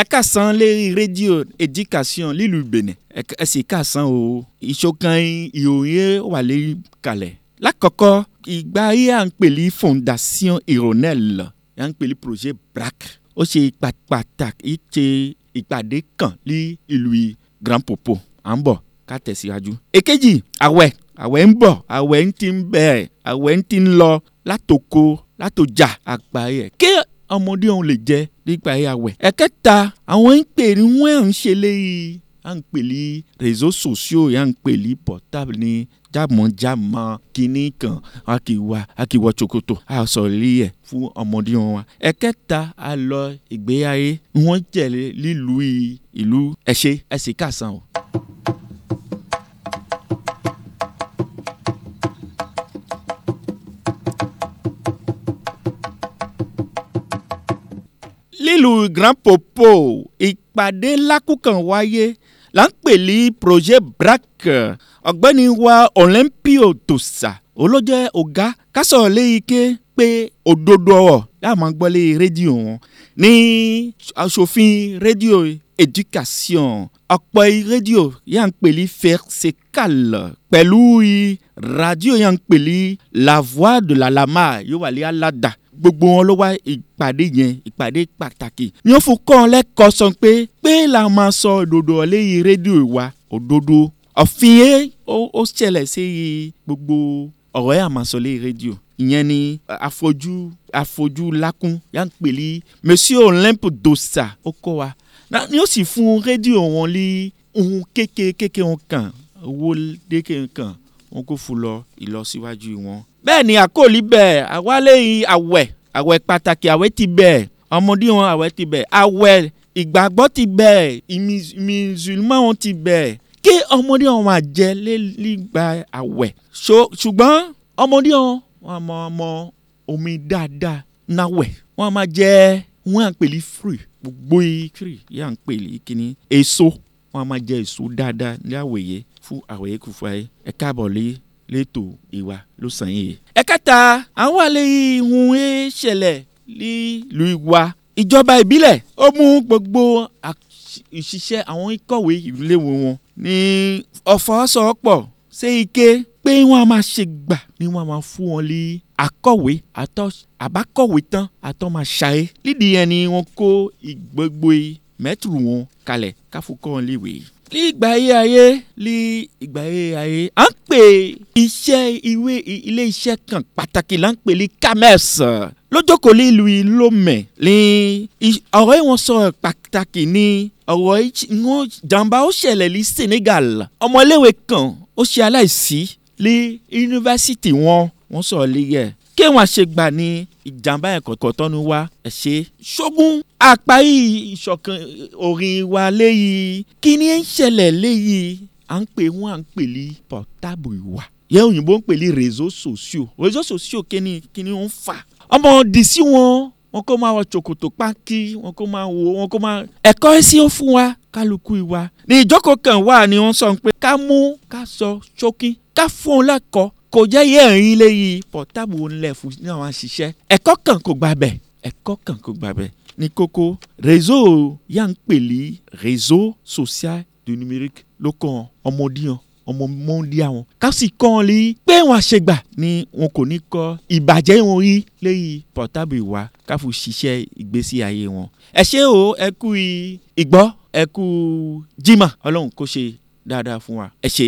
ẹ̀kásán lérí rédíò education lílu Benin ẹ̀sìn kásán o ìṣọ̀kan ìròyìn wà lérí kalẹ̀. lákọ̀ọ́kọ́ ìgbà yìí à ń pèlí fondation ironel à ń pèlí projet brac ó ṣe ipa pàtàkì ṣe ìpàdé kan ní ìlú grand popo à ń bọ̀ ká tẹ̀síwájú. èkejì àwẹ̀ àwẹ̀ ń bọ̀ àwẹ̀ ń ti ń bẹ̀rẹ̀ àwẹ̀ ń ti ń lọ látòkò látòjà àgbáyé kí ọmọdé òun lè jẹ nígbà ìyàwẹ̀. ẹ̀kẹta àwọn ń pè ní wọ́n ń ṣe léyìí e. à ń pè ní réseaux sociaux yà ń pè ní portable ní jámọ̀jámọ̀ kínní kan a kì í wá a kì í wọ ṣòkòtò a sọ rí ẹ̀ e fún ọmọdé wọn wa. ẹ̀kẹta a lọ ìgbéyàwó wọ́n jẹ̀lé lílu ìlú ẹ̀ṣẹ̀ ẹ̀ṣẹ̀ kásán o. nílùú grand popo ìpàdé lákùkàn wáyé là ń pè ní projet brac ọ̀gbẹ́ni wa olympio tosa olójẹ́ ọ̀gá kásọ̀ lé ike pé òdodo ọ̀ láàmú gbọ́lé rédíò wọn ní asòfin rédíò education ọ̀pọ̀ rédíò yà ń pèlí fẹ́ẹ́sẹ̀kàl pẹ̀lú rádio yà ń pèlí la voix de la lama yóò wà lé aládàá gbogbo wọn ló wá ìpàdé yẹn ìpàdé pàtàkì yẹn fún kọ́ lẹ́kọ̀ọ́ sọ pé pé là máa sọ òdodo ọ̀lẹ́yìn rédíò wa òdodo ọ̀fìn yẹn ó ṣẹlẹ̀ sí gbogbo ọ̀rọ̀ yẹn àmàsọ lẹ́yìn rédíò ìyẹn ni afọ́jú afọ́jú lakun yà ń pèlí monsieur olympe dosa ó kọ́ wa ni ó sì fún rédíò wọn lé ohun kékeré kékeré wọn kàn owó dékè kan wọn kò fún lọ ìlọsíwájú wọn bẹ́ẹ̀ ni àkòlí bẹ́ẹ̀ àwálẹ̀ àwẹ̀ àwẹ̀ pàtàkì àwẹ̀ ti bẹ́ẹ̀ ọmọdé wọn àwẹ̀ ti bẹ́ẹ̀ àwẹ̀ ìgbàgbọ́ ti bẹ́ẹ̀ ìmìsùlùmọ́ wọn ti bẹ́ẹ̀ kí ọmọdé wọn máa jẹ lẹ́lígbà àwẹ̀ ṣùgbọ́n ọmọdé wọn wọn mọ ọmọ omi dáadáa náwẹ̀ wọn máa jẹ wọn à ń pèlí fruit gbogbo ikiri yà ń pèlí kíní èso wọn máa jẹ èso dáadáa ní àwẹ̀ fún àwẹ̀ yẹ kò ẹ káàbọ̀ lé létò ìwà ló sàn yìí. ẹ̀kẹta àwọn àlẹ́ ìhun ìṣẹ̀lẹ̀ nílùú wa ìjọba ìbílẹ̀ ó mú gbogbo ìṣiṣẹ́ àwọn ikọ̀wé ìléwọ́ wọn ní ọ̀fọ̀sowọ́pọ̀ ṣé ike pé wọ́n á máa ṣe gbà ni wọ́n á máa fún wọn lé akọ̀wé àtọ́ àbákọ̀wé tán àtọ́ máa ṣayé lídìí yẹn ni wọ́n kó gbogbo mẹ́tìrì wọn kalẹ̀ káfíńkọ́ wọn léwèé ní ìgbà ayé ayé ní ìgbà ayé ayé à ń pè iṣẹ́ ìwé ilé iṣẹ́ kan pàtàkì là ń pè ní CAMEX lójókòó ní ìlú Lomé ní ọ̀rọ̀ yìí wọ́n sọ̀rọ̀ pàtàkì ní ọ̀rọ̀ yìí wọ́n jàǹbá ó ṣẹlẹ̀ ní Senegal ọmọléwé kan ó ṣe aláìsí ní yunifásitì wọn wọ́n sọ̀rọ̀ lè yẹ kéwọn àṣegbà ní ìjàmbá ẹ̀kọ́ kọ̀tọ́nu wa ẹ̀ ṣe. ṣógun àpá yìí ìṣọ̀kan orin wa léyìí kí ni ń ṣẹlẹ̀ léyìí à ń pè wọ́n à ń pè ní pọ̀tábù ìwà yẹ òyìnbó ń pè ní réseaux sociaux réseaux sociaux kíni kíni ń fà. ọmọ òdì sí wọn wọn kò máa wọ ṣòkòtò pákí wọn kò máa wo wọn kò máa. ẹ̀kọ́ ẹ̀ sí ó fún wa kálukú ìwà ní ìjókòó kan wà ní wọ́n sọ pé ká mú ká sọ ṣókí ká fún un lẹ́kọ̀ọ́ kò jẹ́ yé ẹ̀rín léyìí pọ̀tábù ńlẹ̀ fún ní àwọn àṣìṣe ẹ̀kọ́ kan kò gbà bẹ̀ ẹ̀kọ́ kan kò gbà bẹ̀ ní kókó réseau yà ń pèlè réseau social du numérique ló kàn ọmọdéyàn ọmọ mọ́ndí àwọn kásì kàn lè pé wọn àṣegbà ni wọn kò ní kọ ìbàjẹ́ wọn rí léyìí pọ̀tábù wa káfù ṣiṣẹ́ ìgbésí ayé wọn. ẹ ṣé o ẹ kú ìgbọ́ ẹ kú jimá ọlọ́run kó ṣe dáadáa fún wa ẹ ṣé.